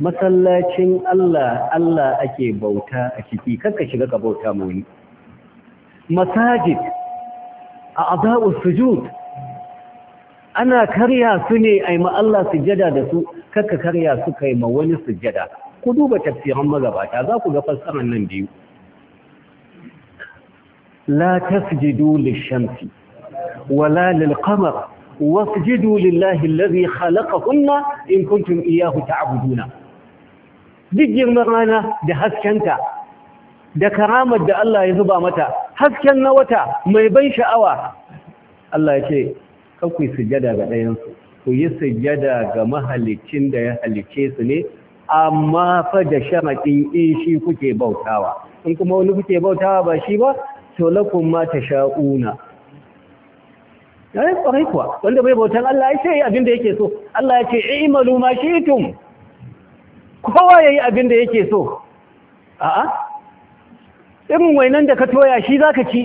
masallacin Allah Allah ake bauta a ciki kanka shiga ka bauta mu wani masajid a azabul sujud ana karya su ne a yi Allah sujada da su kakka karya su kai ma wani sujada, ku duba tafsirin magabata za ku ga fassarar nan biyu la tasjudu lishamsi wala lilqamar wasjudu lillahi alladhi khalaqahunna in kuntum iyyahu ta'buduna duk girman rana da haskenta da karamar da Allah ya zuba mata hasken na wata mai ban sha'awa Allah ya ce kakwai sujada ga ɗayansu ku yi sujada ga mahalicin da ya halice su ne amma fa da sharaɗin in shi kuke bautawa in kuma wani kuke bautawa ba shi ba to lakun ma ta sha'una yayin eh, kwarai kuwa wanda bai bautan Allah ya ce yi abin da yake so Allah ya ce i'malu ma shi'tum kowa yi abin da yake so a'a irin wainan da ka toya shi za ka ci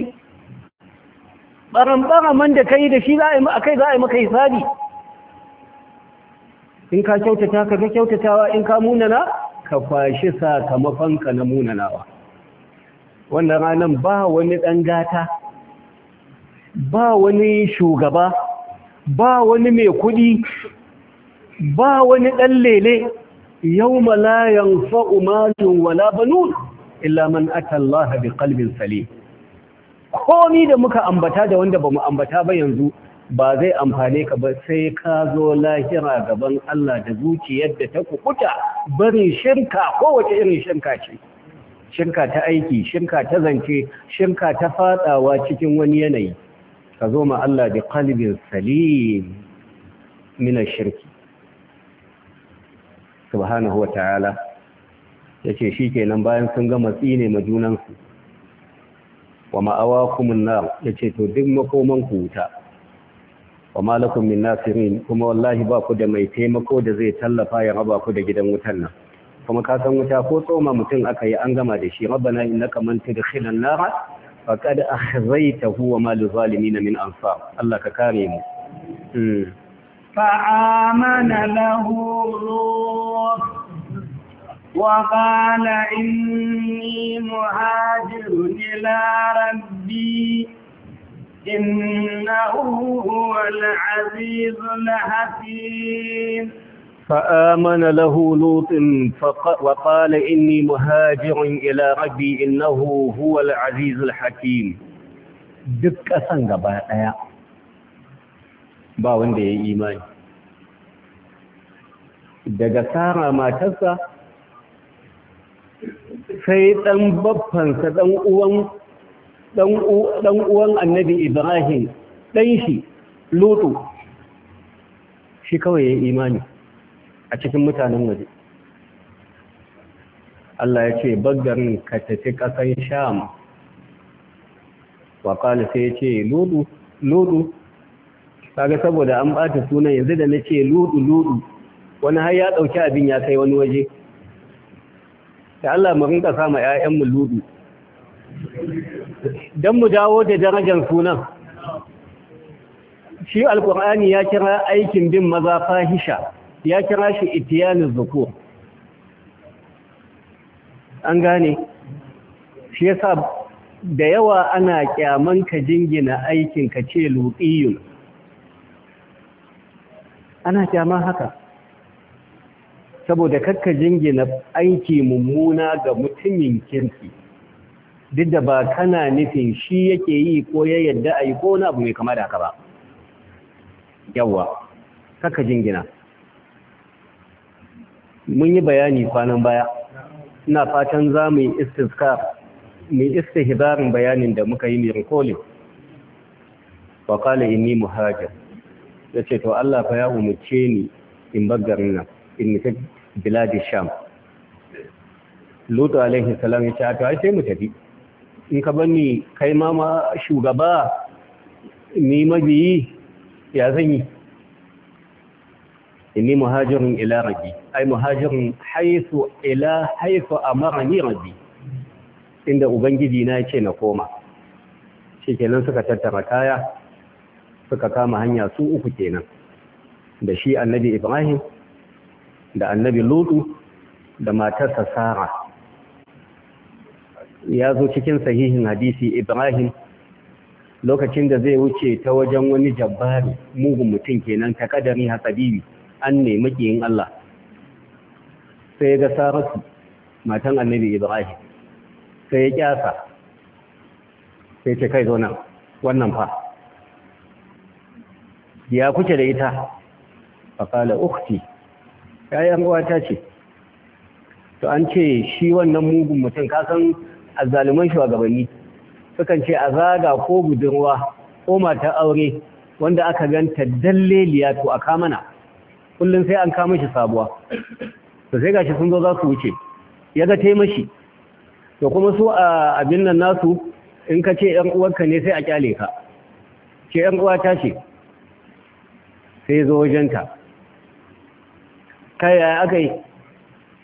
ɓaramɓaraman da ka yi da shi a kai za a yi maka hisabi in ka kyautata ka ga kyautatawa in ka munana ka kwashi sakamakonka na munanawa wannan ranar ba wani ɗan gata ba wani shugaba ba wani mai kuɗi ba wani ɗan lele yau malayan fa'umatun wala nuna. illa man Allah bi qalbin salim komi da muka ambata da wanda bamu ambata ba yanzu ba zai amfane ka ba sai ka zo lahira gaban Allah da zuciyar da ta kukuta barin shirka kowace irin shirka ce shirka ta aiki shirka ta zance shinka ta fadawa cikin wani yanayi ka zo ma Allah bi qalbin salim min ash-shirki subhanahu wa ta'ala ya ce shi kenan bayan sun gama tsine ma junansu wa ma'awa kumin na ya ce to duk makoman ku wuta wa malakun min nasirin kuma wallahi ba ku da mai taimako da zai tallafa ya raba ku da gidan wutan nan kuma ka san wuta ko tsoma mutum aka yi an gama da shi na rabbana innaka man tudkhilan nar faqad akhzaytahu wa mal na min ansar Allah ka kare mu فآمن hmm. له وقال إني مهاجر إلى ربي إنه هو العزيز الحكيم فآمن له لوط وقال إني مهاجر إلى ربي إنه هو العزيز الحكيم duk ƙasan بأيا باوندي إيماني wanda ya yi daga tsara matarsa sai ɗan babbansa ɗan uwan annabi ibrahim ɗan shi lutu shi kawai ya imani a cikin mutanen waje Allah ya ce baggarin ka tafi ƙasar sham waƙali sai ya ce lutu lutu kaga saboda an ɓata sunan yanzu da na ce lutu lutu wani har ya ɗauki abin ya kai wani waje da Allah mu rinka sama mu lubi dan mu dawo da darajar sunan shi alkur'ani ya kira aikin bin maza fahisha ya kira shi itiyanin zuku an gane shi yasa da yawa ana kyaman ka jingina aikin ka ce luqiyun ana kyaman haka saboda kakka jingina aiki mummuna ga mutumin kirki duk da ba kana nufin shi yake yi ko ya yadda a yi ko wani abu mai kama da haka ba yawwa kakka jingina mun yi bayani kwanan baya ina fatan za mu yi istiska mu yi istihbarin bayanin da muka yi mirin kolin wa kala inni muhajir ya ce to Allah fa ya umarce ni in bar garin nan in nufi biladi sham lutu alaihi salam ya ce a tawai sai mu tafi in ka bani kai ma ma shugaba ni mabiyi ya zan yi inni muhajirin ila rabbi ai muhajirin haifu ila haisu amarani rabbi inda ubangiji na ce na koma Shekenan suka tattara kaya suka kama hanya su uku kenan da shi annabi ibrahim da annabi lutu da matarsa sara ya zo cikin sahihin hadisi ibrahim lokacin da zai wuce ta wajen wani jabbari mugun mutum kenan ta kadari hasabibi an nemi kiyin Allah sai ga saratu matan annabi ibrahim sai ya kyasa sai ce kai zo wannan fa ya kuke da ita kala ukti yayan uwata ce to an ce shi wannan mugun mutum kasan azzaluman shugabanni sukan ce a zaga ko budurwa ko matar aure wanda aka ganta dalle liyatu a kamana kullum sai an kama shi sabuwa to sai gashi sun zo za su wuce ya ga taimashi to kuma su a abin nan nasu in ka ce ‘yan uwarka ne sai a kyale ka ce ‘yan uwa ta ce sai zo wajenta kaya aka yi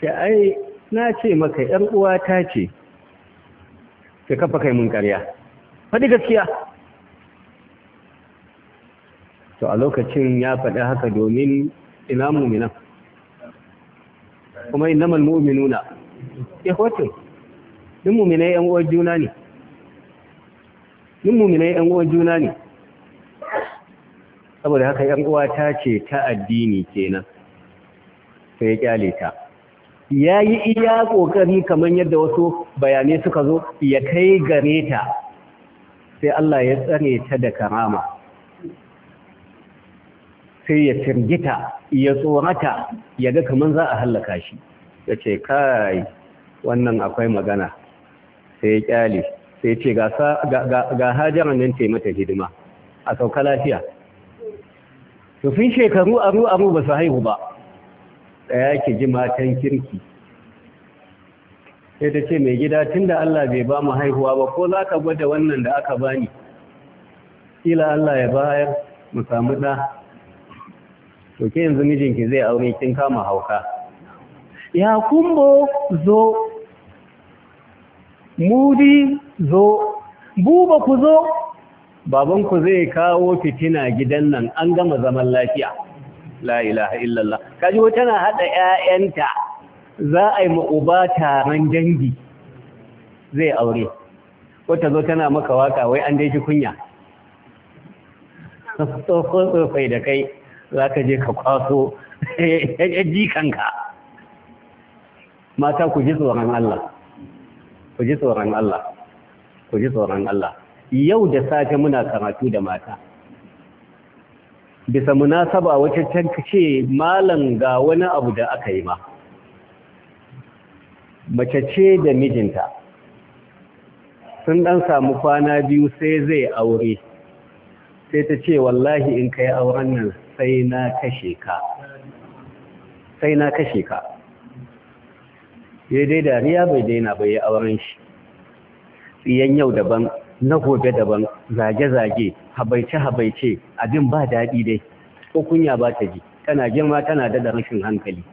sai ai na ce maka 'yan uwa ta ce ka kafa kai mun karya faɗi gaskiya to a lokacin ya faɗi haka domin ina muminan kuma innamal mu'minuna ikhwatun din mu'minai yan uwan juna ne din mu'minai yan uwar juna ne saboda haka yan uwa ta ce ta addini kenan sai ya kyale ta ya yi iya ƙoƙari kamar yadda wasu bayanai suka zo ya kai gare ta sai Allah ya tsare ta da karama sai ya firgita ya tsorata ya ga kamar za a hallaka shi ya ce kai wannan akwai magana sai ya kyale sai ce ga hajaran nan ce mata hidima a sauka lafiya tufin shekaru aru aru ba su haihu ba tsaya ke ji matan kirki sai ta ce mai gida tun da Allah bai ba mu haihuwa ba ko za ka gwada wannan da aka bani kila Allah ya bayar mu samu ɗa to ke yanzu mijinki zai aure kin kama hauka ya kumbo zo mudi zo buba ku zo babanku zai kawo fitina gidan nan an gama zaman lafiya lailaha illallah kaji wata na hada ƴaƴanta za a yi ma'uba taron dangi zai aure wata zo tana maka waka wai an daji kunya tsohon tsofai da kai za ka je ka kwaso kanka mata ku ji tsoron Allah ku ji tsoron Allah ku ji tsoron Allah yau da safe muna karatu da mata bisa munasaba wacce ce malam ga wani abu da aka yi ma mace ce da mijinta sun dan samu kwana biyu sai zai aure sai ta ce wallahi in kai auren nan sai na kashe ka sai na kashe ka dai dariya bai daina bai auren shi tsiyan yau daban na gobe daban zage-zage habaice-habaice abin ba daɗi dai ko kunya ba ta ji tana girma tana da rashin hankali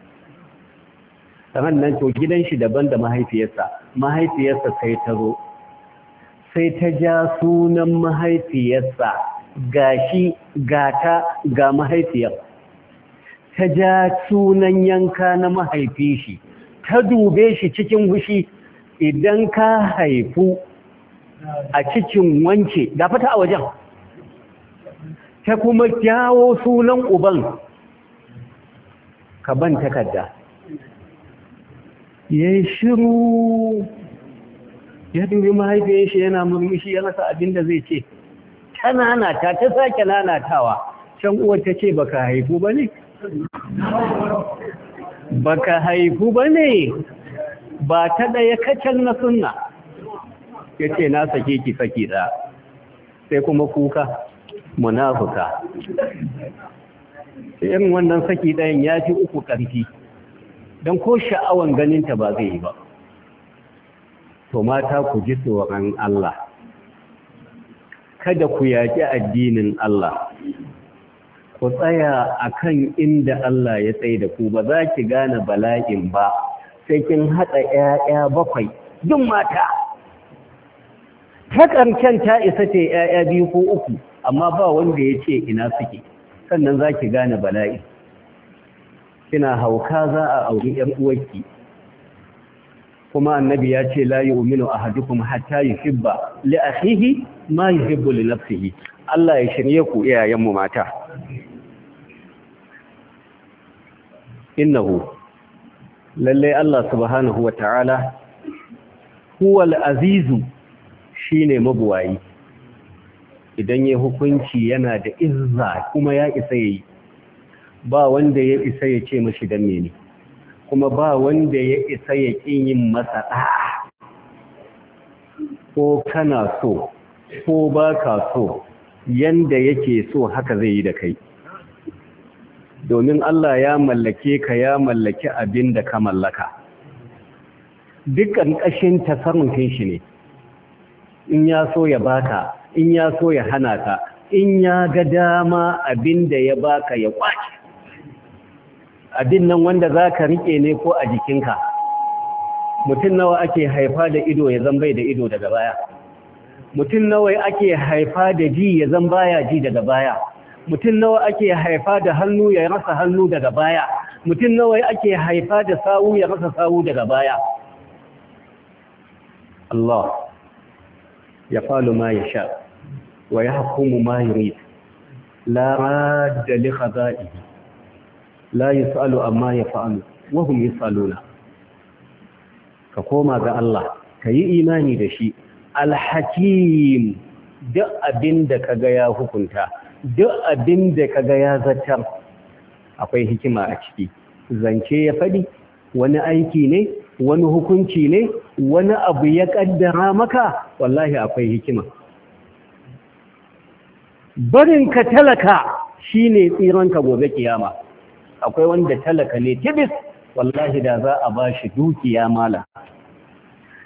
sannan to gidan shi daban da mahaifiyarsa mahaifiyarsa sai ta zo sai ta ja sunan mahaifiyarsa gashi gata ga mahaifiyar ta ja sunan yanka na mahaifi shi ta dube shi cikin gushi idan ka haifu a cikin wanke, dafata fata a wajen ta kuma kyawo sunan uban ka ban takarda ya yi shiru ya dubi mahaifiyar shi yana murmushi ya rasa abin da zai ce ta nanata ta sake nanatawa can uwar ta ce baka haifu ba ne baka haifu ba ne ba ta ɗaya kacal na sunna ya ce na sake ki saki ɗaya sai kuma kuka munafuka irin wannan saki ɗayan ya fi uku ƙarfi don ko sha'awan ganinta ba zai yi ba to mata ku ji tsoron Allah kada ku yaƙi addinin Allah ku tsaya a kan inda Allah ya tsaye da ku ba za ki gane bala'in ba sai kin haɗa ‘ya'ya bakwai duk mata takarken ta isa ce ‘ya'ya biyu ko uku amma ba wanda ya ce ina suke sannan za ki gane bala'i kina hauka za a auri ‘yan uwarki kuma annabi ya ce layi la yu'minu ahadukum hatta yuhibba li akhihi ma yuhibbu li Allah ya shirye ku iyayenmu mata innahu lalle Allah subhanahu wa ta'ala huwal azizu shine mabuwayi idan ya hukunci yana da izza kuma ya isa yi, ba wanda ya isa ya ce mashi don mene kuma ba wanda ya isa ya ƙin yin masa ko kana so ko ba ka so yanda yake so haka zai yi da kai domin Allah ya mallake ka ya mallaki abin da ka mallaka dukkan ƙashin tasarrufin shi ne in ya so ya baka in ya so ya hana ka in ya ga dama abinda ya baka ya kwace abin nan wanda za ka rike ne ko a jikinka mutum nawa ake haifa da ido ya zan bai da ido daga baya mutum nawa ake haifa da ji ya zan baya ji daga baya mutum nawa ake haifa da hannu ya rasa hannu daga baya mutum nawa ake haifa da sawu ya rasa sawu daga baya Allah ya falu ma ya sha wa ya hukumu ma yurid la radda li khada'ihi la yusalu amma ya fa'alu wa hum yusaluna ka koma ga Allah ka yi imani da shi alhakim duk abinda ka kaga ya hukunta duk abinda ka kaga ya zartar akwai hikima a ciki zance ya faɗi wani aiki ne wani hukunci ne wani abu ya kaddara maka wallahi akwai hikima barin ka talaka shine tsiranka gobe kiyama akwai wanda talaka ne tibis wallahi da za a ba shi dukiya mala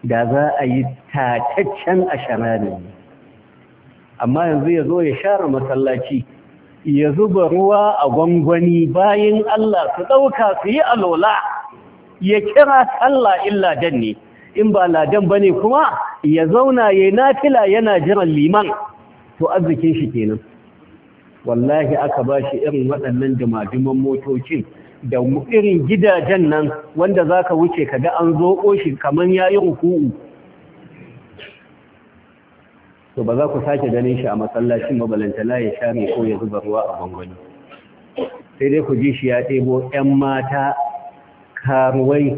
da za a yi tataccen ne. amma yanzu ya zo ya share masallaci ya zuba ruwa a gwangwani bayan Allah su ɗauka su yi alola ya kira allah illa dan ne in ba ladan bane kuma ya zauna yayi nafila yana jiran liman to arzikin shi kenan wallahi aka bashi irin waɗannan jimajiman motocin da irin gidajen nan wanda zaka wuce kaga an zo shi kaman yayi ruku'u to ba za ku sake ganin shi a masallacin la ya share ko ya zuba ruwa a bangoni sai dai ku ji shi ya ɗebo 'yan mata karuwai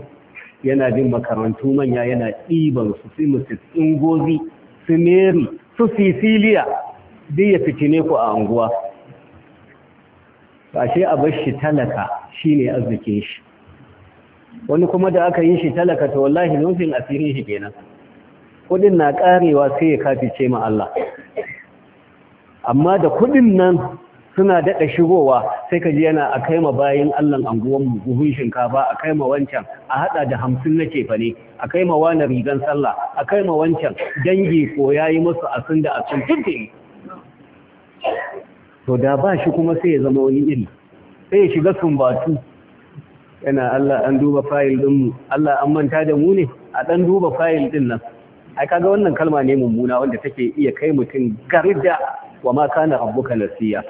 yana jin makarantu manya yana ɗiban su su mrs gozi su meri su sicilia duk ya fitine ku a anguwa ashe a bar shi talaka shine arzikin shi wani kuma da aka yi shi talaka ta wallahi nufin asirin shi kenan kudin na karewa sai ya kafice ma Allah amma da kudin nan suna daɗa shigowa sai ka ji yana a kai ma bayan allon anguwan buhun shinkafa a kai ma wancan a haɗa da hamsin na kefa ne a kai ma wani rigan sallah a kai ma wancan dangi ko ya yi musu sun da a asin tuntuni to da ba shi kuma sai ya zama wani iri sai ya shiga sumbatu yana Allah an duba fayil mu, Allah an manta da mu ne a ɗan duba fayil ɗin nan ai kaga wannan kalma ne mummuna wanda take iya kai mutum garida wa ma kana rabbuka nasiya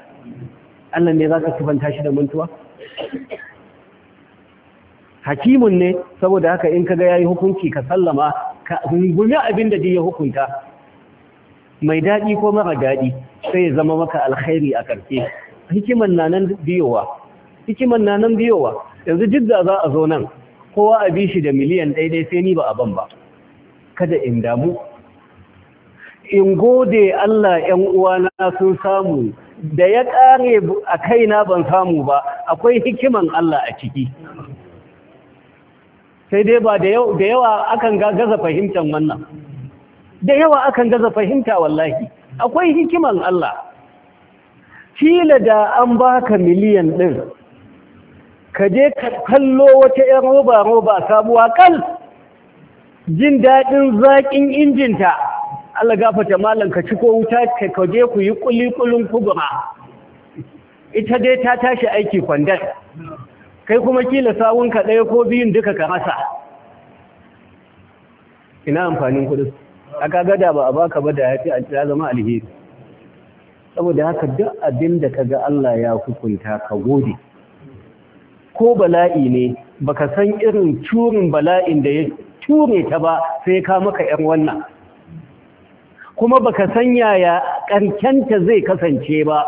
Allah ne za ka kubanta shi da mantuwa hakimun ne saboda haka in kaga yi hukunci ka sallama ka gumi abin da ya hukunta mai daɗi ko mara daɗi sai ya zama maka alkhairi a ƙarfe. hikiman na nan biyowa hikiman na nan biyowa yanzu duk za a zo nan kowa a bi shi da miliyan ɗaiɗai sai ni ba a ban ba kada in damu in gode Allah ‘yan uwana sun samu da ya ƙare a kaina ban samu ba akwai hikiman Allah a ciki sai dai ba da yawa akan gaza fahimtar wannan da yawa akan gaza fahimta wallahi akwai hikiman Allah kila da an baka miliyan ɗin ka je ka kallo wata ‘yan roba-roba sabuwa kal jin daɗin zaƙin injinta Allah gafata malam ka ci ko wuta ka kaje ku yi kulikulin kubra ita dai ta tashi aiki kwandan kai kuma kila ka ɗaya ko biyun duka ka rasa ina amfanin kuɗi a gada ba a baka ba da ya zama alheri saboda haka duk abin da ka ga Allah ya hukunta ka gode ko bala'i ne baka san irin curin bala'in da ya ture ta ba sai ka maka ‘yan wannan kuma baka san yaya karkenta zai kasance ba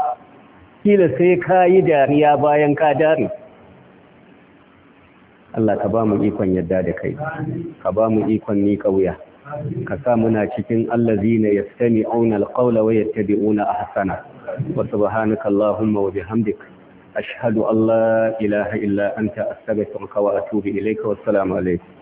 kila sai ka yi dariya bayan ka dare Allah ka ba mu ikon yadda da kai ka ba mu ikon ni kauya ka sa muna cikin allazina yastami'una alqawla wa yattabi'una ahsana wa subhanaka allahumma wa bihamdika ashhadu an la ilaha illa anta astaghfiruka wa atubu ilayka wa assalamu alaykum